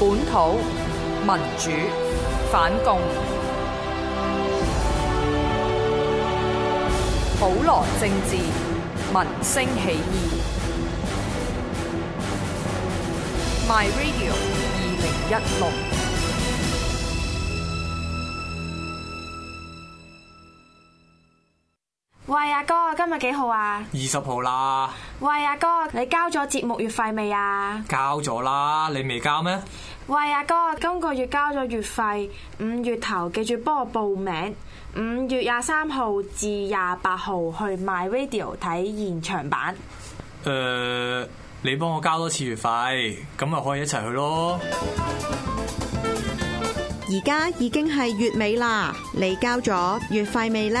本土民主反共，普羅政治，民生起義。My Radio 二零一六。喂，阿哥，今日幾號啊？二十號啦。喂，阿哥，你交咗節目月費未啊？交咗啦，你未交咩？喂，阿哥，今個月交咗月費，五月頭記住幫我報名，五月廿三號至廿八號去 My Radio 睇現場版。誒、呃，你幫我交多次月費，咁咪可以一齊去咯。而家已經係月尾啦，你交咗月費未呢？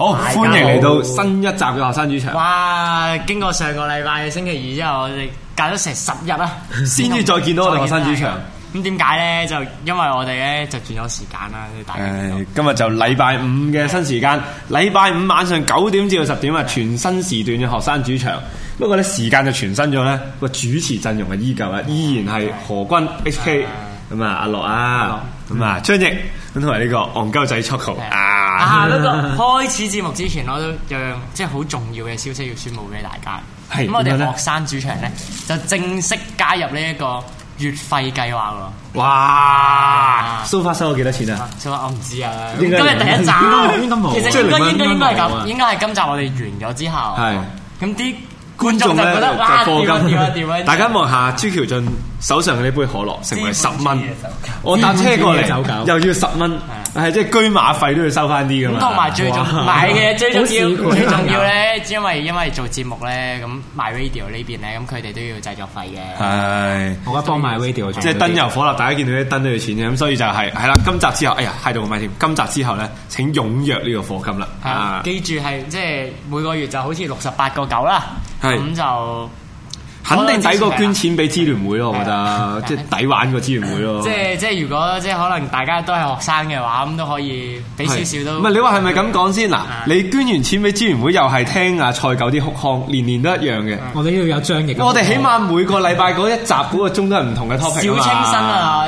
好，歡迎嚟到新一集嘅學生主場。哇，經過上個禮拜星期二之後，我哋隔咗成十日啊，先至再見到我哋學生主場。咁點解咧？就因為我哋咧就轉咗時間啦，大家。誒，今日就禮拜五嘅新時間，禮拜五晚上九點至到十點啊，全新時段嘅學生主場。不過咧，時間就全新咗咧，個主持陣容係依舊啊，依然係何君 HK，咁啊阿樂啊，咁啊張翼，咁同埋呢個戇鳩仔 Choco 啊。啊！不過開始節目之前，我都有即係好重要嘅消息要宣佈俾大家。係咁，我哋學生主場咧就正式加入呢一個月費計劃喎。哇！蘇發收咗幾多錢啊？蘇發，我唔知啊。今日第一集應該冇。其實應該應該應該咁，應該係今集我哋完咗之後。係。咁啲觀眾就嘅課金點啊？大家望下朱喬俊手上嘅呢杯可樂，成為十蚊。我搭車過嚟又要十蚊。係即係車馬費都要收翻啲噶嘛，同埋最重買嘅最重要最重要咧，因為因為做節目咧咁 MyRadio 呢邊咧咁，佢哋都要製作費嘅。係，我而家幫 MyRadio，即係燈油火蠟，大家見到啲燈都要錢嘅，咁所以就係係啦。今集之後，哎呀，喺度買添。今集之後咧，請踴躍呢個課金啦。記住係即係每個月就好似六十八個九啦，咁就。肯定抵過捐錢俾支聯會咯，我覺得即係抵玩過支聯會咯。即係即係如果即係可能大家都係學生嘅話，咁都可以俾少少都。唔係你話係咪咁講先嗱？你捐完錢俾支聯會，又係聽啊蔡九啲哭腔，年年都一樣嘅。我哋呢度有張翼。我哋起碼每個禮拜嗰一集嗰個鐘都係唔同嘅 topic。小清新啊！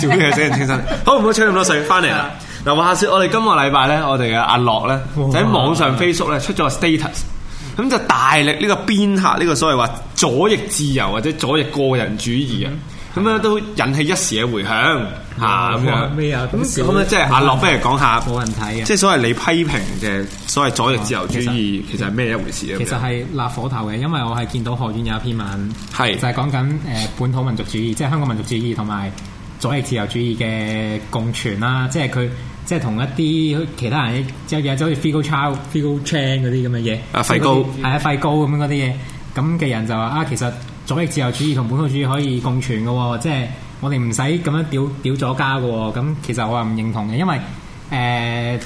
小嘅先，清新好唔好？吹咁多水，翻嚟啦！嗱，話下說，我哋今個禮拜咧，我哋嘅阿樂咧就喺網上 Facebook 咧出咗個 status。咁就大力呢個鞭撻呢個所謂話左翼自由或者左翼個人主義啊，咁樣都引起一時嘅回響吓咁咩啊？咁咁即係阿樂不如講下，冇人睇啊，即係所謂你批評嘅所謂左翼自由主義，其實係咩一回事啊？其實係辣火頭嘅，因為我係見到學苑有一篇文，係就係講緊誒本土民族主義，即係香港民族主義同埋左翼自由主義嘅共存啦，即係佢。即係同一啲其他人即係有咗好似 Figo c h i l Figo c h a n 嗰啲咁嘅嘢，啊廢高係啊廢高咁樣啲嘢，咁嘅人就話啊其實左翼自由主義同本土主義可以共存嘅喎、哦，即係我哋唔使咁樣屌屌左膠嘅喎，咁其實我係唔認同嘅，因為誒、呃、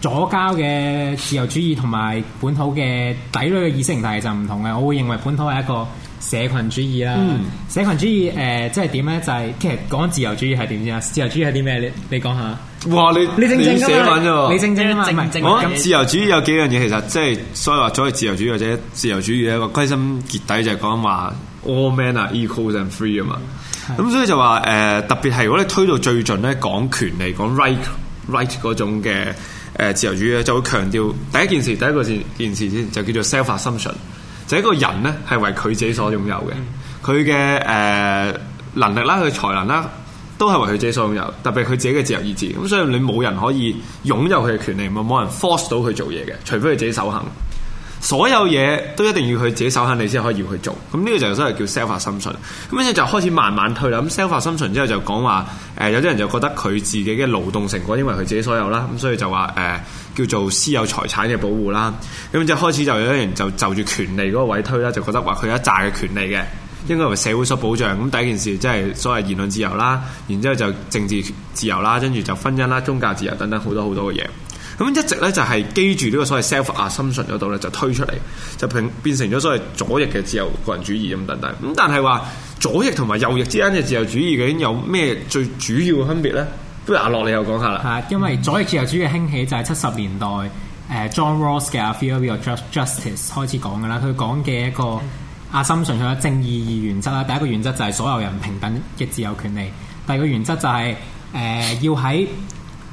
左膠嘅自由主義同埋本土嘅底裏嘅意識形態就唔同嘅，我會認為本土係一個。社群主義啦，嗯、社群主義誒、呃，即係點咧？就係、是、其實講自由主義係點先啊？自由主義有啲咩？你你講下。哇！你你正正㗎啦，你正正啊嘛，你正唔正啊是、哦？自由主義有幾樣嘢，其實即係、就是、所以話咗係自由主義或者自由主義嘅一個歸根結底就係講話，all men are equal and free 啊嘛、嗯。咁所以就話誒、呃，特別係如果你推到最盡咧，講權利、講 right right 嗰種嘅誒自由主義咧，就會強調第一件事、第一個件事先，就叫做 self assumption 就一個人咧，係為佢自己所擁有嘅，佢嘅誒能力啦、佢嘅才能啦，都係為佢自己所擁有。特別係佢自己嘅自由意志，咁所以你冇人可以擁有佢嘅權利，唔冇人 force 到佢做嘢嘅，除非佢自己守行。所有嘢都一定要佢自己手肯你先可以要去做，咁呢個就所謂叫 self 深信。咁之後就開始慢慢推啦。咁 self 深信，um、之後就講話，誒、呃、有啲人就覺得佢自己嘅勞動成果因為佢自己所有啦，咁所以就話誒、呃、叫做私有財產嘅保護啦。咁之後開始就有一人就就住權利嗰個位推啦，就覺得話佢有一紮嘅權利嘅應該為社會所保障。咁第一件事即係所謂言論自由啦，然之後就政治自由啦，跟住就婚姻啦、宗教自由等等好多好多嘅嘢。咁一直咧就係、是、基住呢個所謂 self assumption 嗰度咧就是、推出嚟，就變成咗所謂左翼嘅自由個人主義咁等等。咁但係話左翼同埋右翼之間嘅自由主義究竟有咩最主要嘅分別咧？不如阿、啊、樂你又講下啦。係，因為左翼自由主義嘅興起就係七十年代誒、嗯呃、John Rawls 嘅《A Theory of Justice》開始講嘅啦。佢講嘅一個 assumption，佢嘅正義二原則啦，第一個原則就係所有人平等嘅自由權利，第二個原則就係、是、誒、呃、要喺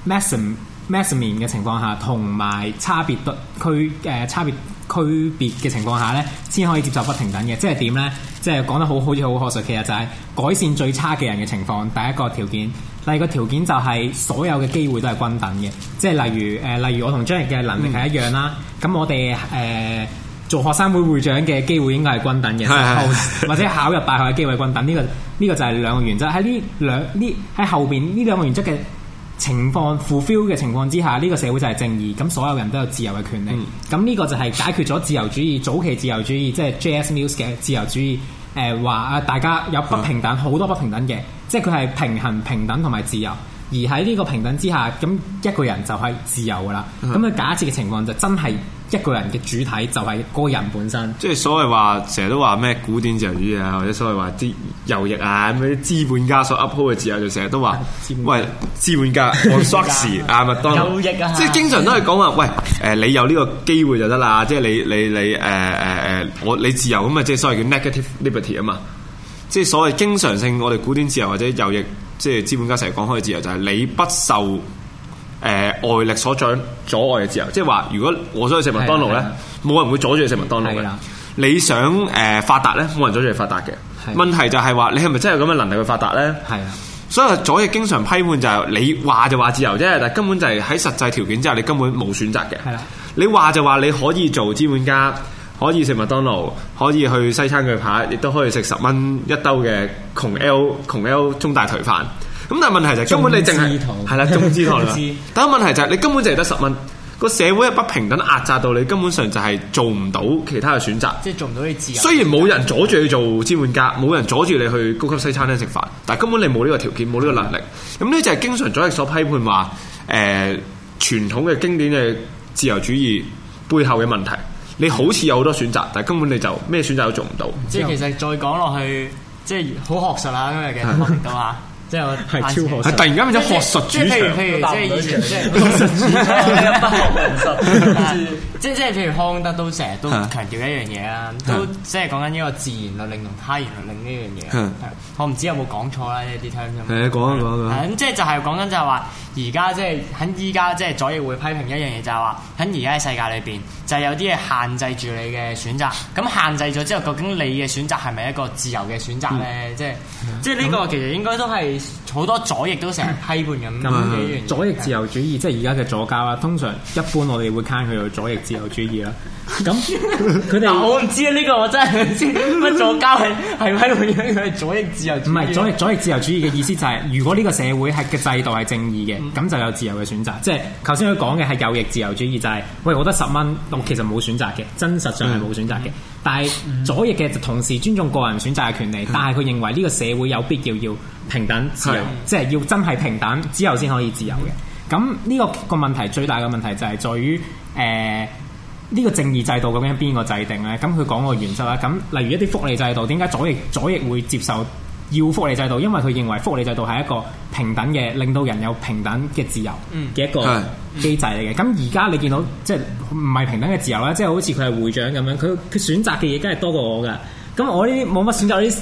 maxi m 嘅情況下，同埋差別對區誒、呃、差別區別嘅情況下咧，先可以接受不平等嘅。即係點咧？即係講得好好似好學術。其實就係改善最差嘅人嘅情況。第一個條件，第二個條件就係所有嘅機會都係均等嘅。即係例如誒、呃，例如我同張翼嘅能力係一樣啦。咁、嗯、我哋誒、呃、做學生會會長嘅機會應該係均等嘅，或者考入大學嘅機會均等。呢、這個呢、這個就係兩個原則喺呢兩呢喺後邊呢兩個原則嘅。情況 fulfill 嘅情況之下，呢、這個社會就係正義，咁所有人都有自由嘅權利。咁呢、嗯、個就係解決咗自由主義早期自由主義，即係 J.S. Mill 嘅自由主義。誒話啊，大家有不平等，好、嗯、多不平等嘅，即係佢係平衡平等同埋自由。而喺呢個平等之下，咁一個人就係自由噶啦。咁佢、嗯、假設嘅情況就真係。一個人嘅主體就係個人本身，即係所謂話成日都話咩古典自由主義啊，或者所謂話啲右翼啊咁嗰啲資本家所 up 嘅自由，就成日都話喂 資本家，本家 我 shocks 啊麥當啊即係經常都係講話喂誒、呃，你有呢個機會就得啦，即係你你你誒誒誒，我你自由咁啊，即係所謂叫 negative liberty 啊嘛，即係所謂經常性我哋古典自由或者右翼，即係資本家成日講開嘅自由就係、是、你不受。誒、呃、外力所阻阻礙嘅自由，即係話，如果我想去食麥當勞呢，冇人會阻住你食麥當勞的你想誒、呃、發達呢，冇人阻住你發達嘅。的問題就係話，你係咪真係有咁嘅能力去發達呢？係的所以左翼經常批判就係、是、你話就話自由啫，但根本就係喺實際條件之下，你根本冇選擇嘅。係的你話就話你可以做資本家，可以食麥當勞，可以去西餐鋸扒，亦都可以食十蚊一兜嘅窮，窮 L 窮 L 中大頹飯。咁但係問題就係根本你淨係係啦，中之徒啦。之徒 但係問題就係你根本就係得十蚊，個社會不平等壓榨到你，根本上就係做唔到其他嘅選擇。即係做唔到你自由。雖然冇人阻住你做資本家，冇、嗯、人阻住你去高級西餐廳食飯，但係根本你冇呢個條件，冇呢、嗯、個能力。咁呢、嗯、就係經常左翼所批判話，誒、呃，傳統嘅經典嘅自由主義背後嘅問題。你好似有好多選擇，但係根本你就咩選擇都做唔到。即係、嗯、知其實再講落去，即係好學術啊，今日嘅，題目啊。即係我係超學，係突然間變咗學術主場，譬如譬如，即係以前即係學術主場，一班學術。即即係譬如康德都成日都強調一樣嘢啦，都即係講緊呢個自然律令同他然律令呢樣嘢。我唔知有冇講錯啦，呢啲聽唔聽？係講啊講。咁即係就係講緊就係話。而家即係喺依家即係左翼會批評一樣嘢，就係話喺而家嘅世界裏邊，就係有啲嘢限制住你嘅選擇。咁限制咗之後，究竟你嘅選擇係咪一個自由嘅選擇咧？即係即係呢個其實應該都係。好多左翼都成日批判咁左翼自由主義，即係而家嘅左膠啦。通常一般我哋會 count 佢做左翼自由主義啦。咁佢哋我唔知啊，呢個我真係唔知乜左膠係係咪佢係左翼自由？唔係左翼左翼自由主義嘅意思就係，如果呢個社會係嘅制度係正義嘅，咁就有自由嘅選擇。即係頭先佢講嘅係右翼自由主義，就係喂我得十蚊，我其實冇選擇嘅，真實上係冇選擇嘅。但係左翼嘅就同時尊重個人選擇嘅權利，但係佢認為呢個社會有必要要。平等自由，是即係要真係平等之後先可以自由嘅。咁呢個個問題最大嘅問題就係在於，誒、呃、呢、這個正義制度究竟邊個制定呢？咁佢講個原則啦。咁例如一啲福利制度，點解左翼左翼會接受要福利制度？因為佢認為福利制度係一個平等嘅，令到人有平等嘅自由嘅、嗯、一個機制嚟嘅。咁而家你見到即係唔係平等嘅自由啦？即係好似佢係會長咁樣，佢佢選擇嘅嘢，梗係多過我噶。咁我呢啲冇乜選擇呢？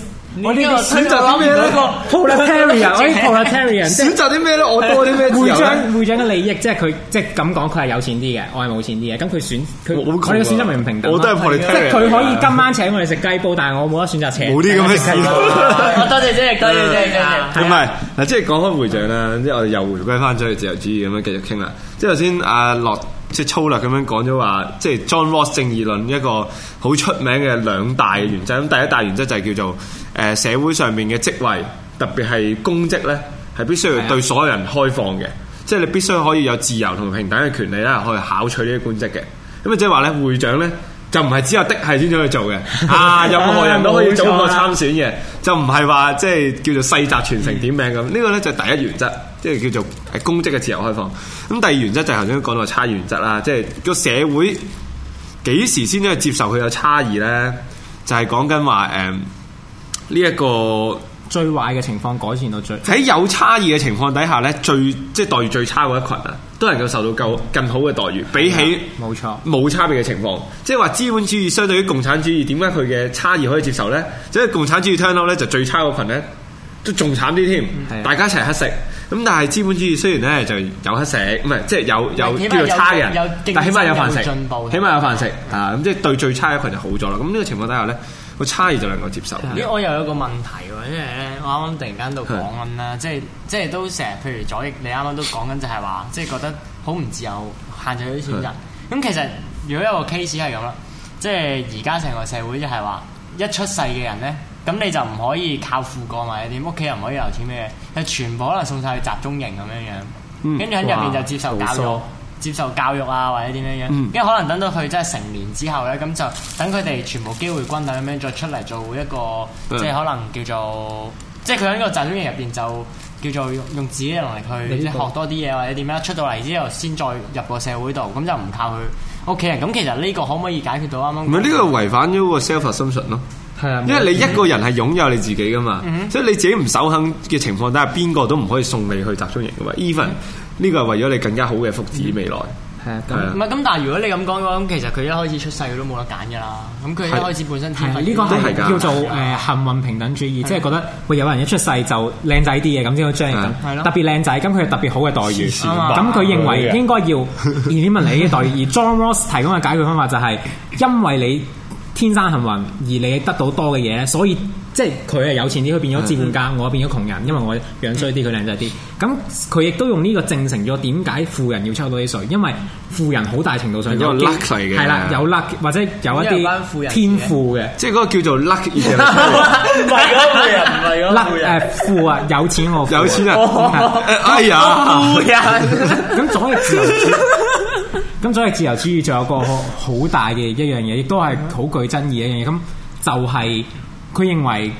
我呢個選擇啱嘅一個 politarian，我 politarian 選擇啲咩咧？我多啲咩？會長，會長嘅利益，即係佢即係咁講，佢係有錢啲嘅，我係冇錢啲嘅。咁佢選，佢我呢個選擇唔平等。我都係 politarian。即係佢可以今晚請我哋食雞煲，但係我冇得選擇請。冇啲咁嘅雞煲。多謝主席，多謝主席，唔係，嗱，即係講開會長啦，即係我哋又回歸翻咗去自由主義咁樣繼續傾啦。即係頭先阿樂。即係粗略咁樣講咗話，即係 John Rawls 正義論，一個好出名嘅兩大原則。咁第一大原則就係叫做誒社會上面嘅職位，特別係公職呢，係必須要對所有人開放嘅。是的 即係你必須可以有自由同平等嘅權利啦，嗯、可以考取呢啲官職嘅。咁啊，即係話呢，會長呢，就唔係只有的係先至去做嘅。 啊，任何人都可以做，過參選嘅， 啊、就唔係話即係叫做世襲傳承點名咁。呢個呢，就第一原則。即係叫做公職嘅自由開放。咁第二原則就係頭先講到嘅差異原則啦。即係個社會幾時先至接受佢有差異呢？就係講緊話誒呢一個最壞嘅情況改善到最喺有差異嘅情況底下呢，最即係、就是、待遇最差嗰一群啊，都能夠受到夠更好嘅待遇。嗯、比起冇錯冇差別嘅情況，即係話資本主義相對於共產主義，點解佢嘅差異可以接受呢？即係共產主義聽到呢，就最差嗰羣呢都仲慘啲添，嗯、大家一齊乞食。咁但係資本主義雖然咧就有得食，唔係即係有有叫做差嘅人，但起碼有飯食，起碼有飯食啊！咁即係對最差一羣就好咗啦。咁呢個情況底下咧，個差異就能夠接受。咦！我又有一個問題喎，因為咧我啱啱突然間到講緊啦，即係即係都成日，譬如左翼，你啱啱都講緊就係話，即係覺得好唔自由，限制啲選擇。咁其實如果一個 case 係咁啦，即係而家成個社會就係話，一出世嘅人咧。咁你就唔可以靠父母或者點，屋企人唔可以留錢咩？係全部可能送晒去集中營咁樣樣，跟住喺入邊就接受教育、松接受教育啊或者點樣樣，嗯、因為可能等到佢真係成年之後咧，咁就等佢哋全部機會均等咁樣再出嚟做一個，對 即係可能叫做，即係佢喺一個集中營入邊就叫做用自己嘅能力去學多啲嘢或者點樣，出到嚟之後先再入個社會度，咁就唔靠佢屋企人。咁其實呢個可唔可以解決到啱啱？唔係呢個違反咗個 self assumption 咯。因為你一個人係擁有你自己噶嘛，嗯、哼所以你自己唔守恆嘅情況底下，邊個都唔可以送你去集中營嘅嘛。Even 呢個係為咗你更加好嘅福祉未來。係啊、嗯，係咁的，但係如果你咁講嘅話，其實佢一開始出世佢都冇得揀噶啦。咁佢一開始本身，呢個係叫做誒幸運平等主義，的即係覺得會有人一出世就靚仔啲嘅，咁先會將你咁的特別靚仔，咁佢特別好嘅待遇。咁佢的認為應該要 二點五釐嘅待遇。而 John Rawls 提供嘅解決方法就係、是、因為你。天生幸運，而你得到多嘅嘢，所以即係佢係有錢啲，佢變咗資本家，嗯、哼我變咗窮人，因為我樣衰啲，佢靚仔啲。咁佢亦都用呢個證成咗點解富人要抽多啲稅，因為富人好大程度上有 luck 嘅，係啦，有 luck 或者有一啲天賦嘅，即係嗰個叫做 luck 唔係嗰個富人，唔係嗰個富啊，有錢我富、啊、有錢啊， 哎呀，富人咁左係自咁所以自由主義仲有個好大嘅一樣嘢，亦都係好具爭議一樣嘢。咁就係佢認為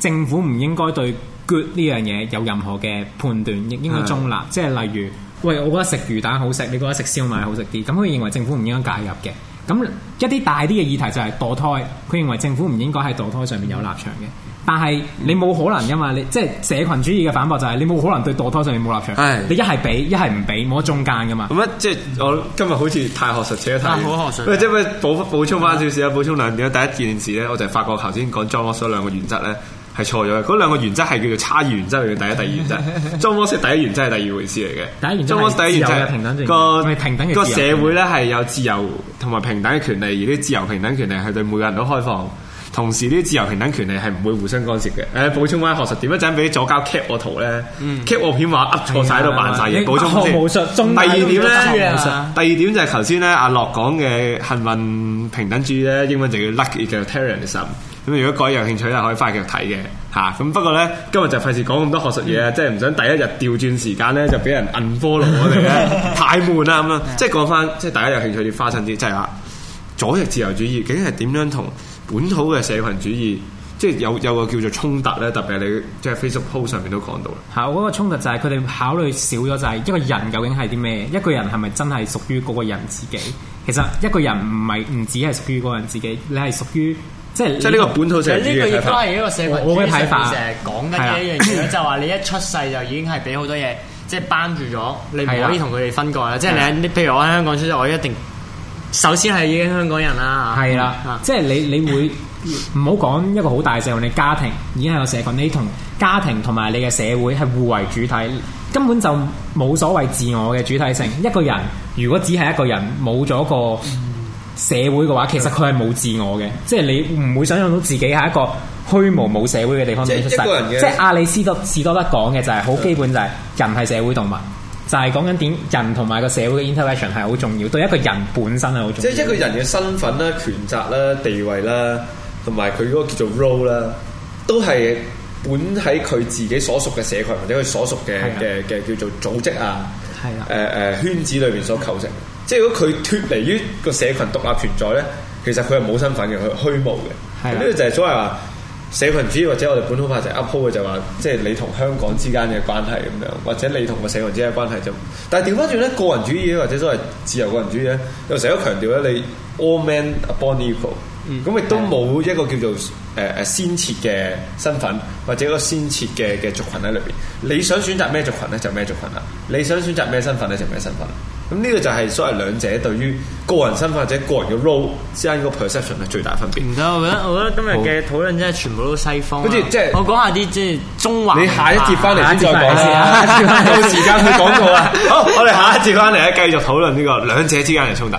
政府唔應該對 good 呢樣嘢有任何嘅判斷，亦應該中立。是的 即係例如，喂，我覺得食魚蛋好食，你覺得食燒賣好食啲。咁佢認為政府唔應該介入嘅。咁一啲大啲嘅議題就係墮胎，佢認為政府唔應該喺墮胎上面有立場嘅。嗯嗯。但係你冇可能噶嘛？你、嗯、即係社群主義嘅反駁就係你冇可能對墮胎上面冇立場。唉你一係俾一係唔俾，冇得中間噶嘛。咁、嗯嗯、即係我今日好似太學術，扯太學術。喂，即係咪補補充翻少少啊？嗯、補充兩點，第一件事咧，我就係發覺頭先講 John 兩個原則咧係錯咗嘅。嗰兩個原則係叫做差異原則第一、第二原則。John 第一原則係第二回事嚟嘅。第一原則自由平等。 那個平等嘅社會咧係有自由同埋平等嘅權利，而啲自由平等權利係對每個人都開放。同時啲自由平等權利係唔會互相干涉嘅。誒，補充翻學術點一陣俾左膠 cap 我圖咧？cap 我片話噏錯晒喺度扮曬嘢。補充先。第二點咧，第二點就係頭先咧阿樂講嘅幸運平等主義咧，英文就叫 lucky egalitarianism，咁如果各位有興趣咧，可以翻去繼續睇嘅嚇。咁不過咧，今日就費事講咁多學術嘢，即係唔想第一日調轉時間咧就俾人摁波落我哋咧，太悶啦咁咯。即係講翻，即係大家有興趣要花心啲，就係啊，左翼自由主義究竟係點樣同，本土嘅社群主義，即係有有個叫做衝突咧，特別係你即係、就是、Facebook post 上面都講到啦。係、嗯，嗰、那個衝突就係佢哋考慮少咗，就係一個人究竟係啲咩？一個人係咪真係屬於嗰個人自己？其實一個人唔係唔止係屬於嗰個人自己，你係屬於即係即係呢個本土社。佢呢個要翻嚟呢個社群主義我嘅睇法。成日講緊嘅一樣嘢， 就話你一出世就已經係俾好多嘢即係綁住咗，你唔可以同佢哋分割啦。的即係你，你譬如我喺香港出生，我一定。首先係已經香港人啦，係啦的，嗯、即係你你會唔好講一個好大嘅，你家庭已經係個社群，你同家庭同埋你嘅社會係互為主體，根本就冇所謂自我嘅主體性。一個人如果只係一個人，冇咗個社會嘅話，其實佢係冇自我嘅，嗯、即係你唔會想象到自己係一個虛無冇社會嘅地方，嗯。你出世即係一個人嘅即係阿里斯多士多德講嘅就係、係、好基本，就係人係社會動物。就係講緊點人同埋個社會嘅 interaction 係好重要，對一個人本身係好重要。即係一個人嘅身份啦、權責啦、地位啦，同埋佢嗰個叫做 role 啦，都係本喺佢自己所屬嘅社群或者佢所屬嘅嘅嘅叫做組織啊，誒誒的圈子裏邊所構成。即係如果佢脫離於個社群獨立存在咧，其實佢係冇身份嘅，佢虛無嘅。咁呢的個就係所謂話。社群主義或者我哋本土派成 uphold 就話，即係你同香港之間嘅關係咁樣，或者你同個社群之間嘅關係就，但係調翻轉咧，個人主義或者所謂自由個人主義咧，又成日都強調咧你 all men are born equal，咁亦都冇一個叫做誒誒先設嘅身份或者一個先設嘅嘅族群喺裏邊，你想選擇咩族群咧就咩族群啦，你想選擇咩身份咧就咩身份。咁呢個就係所謂兩者對於個人身份或者個人嘅 role 之間個 perception 係最大分別。唔得，我覺得我覺得今日嘅討論真係全部都西方啊。好似即係我講下啲即係中華啊。你下一節翻嚟先再講先啊！冇時間去廣告啦。好，我哋下一節翻嚟呢繼續討論呢個兩者之間嘅衝突。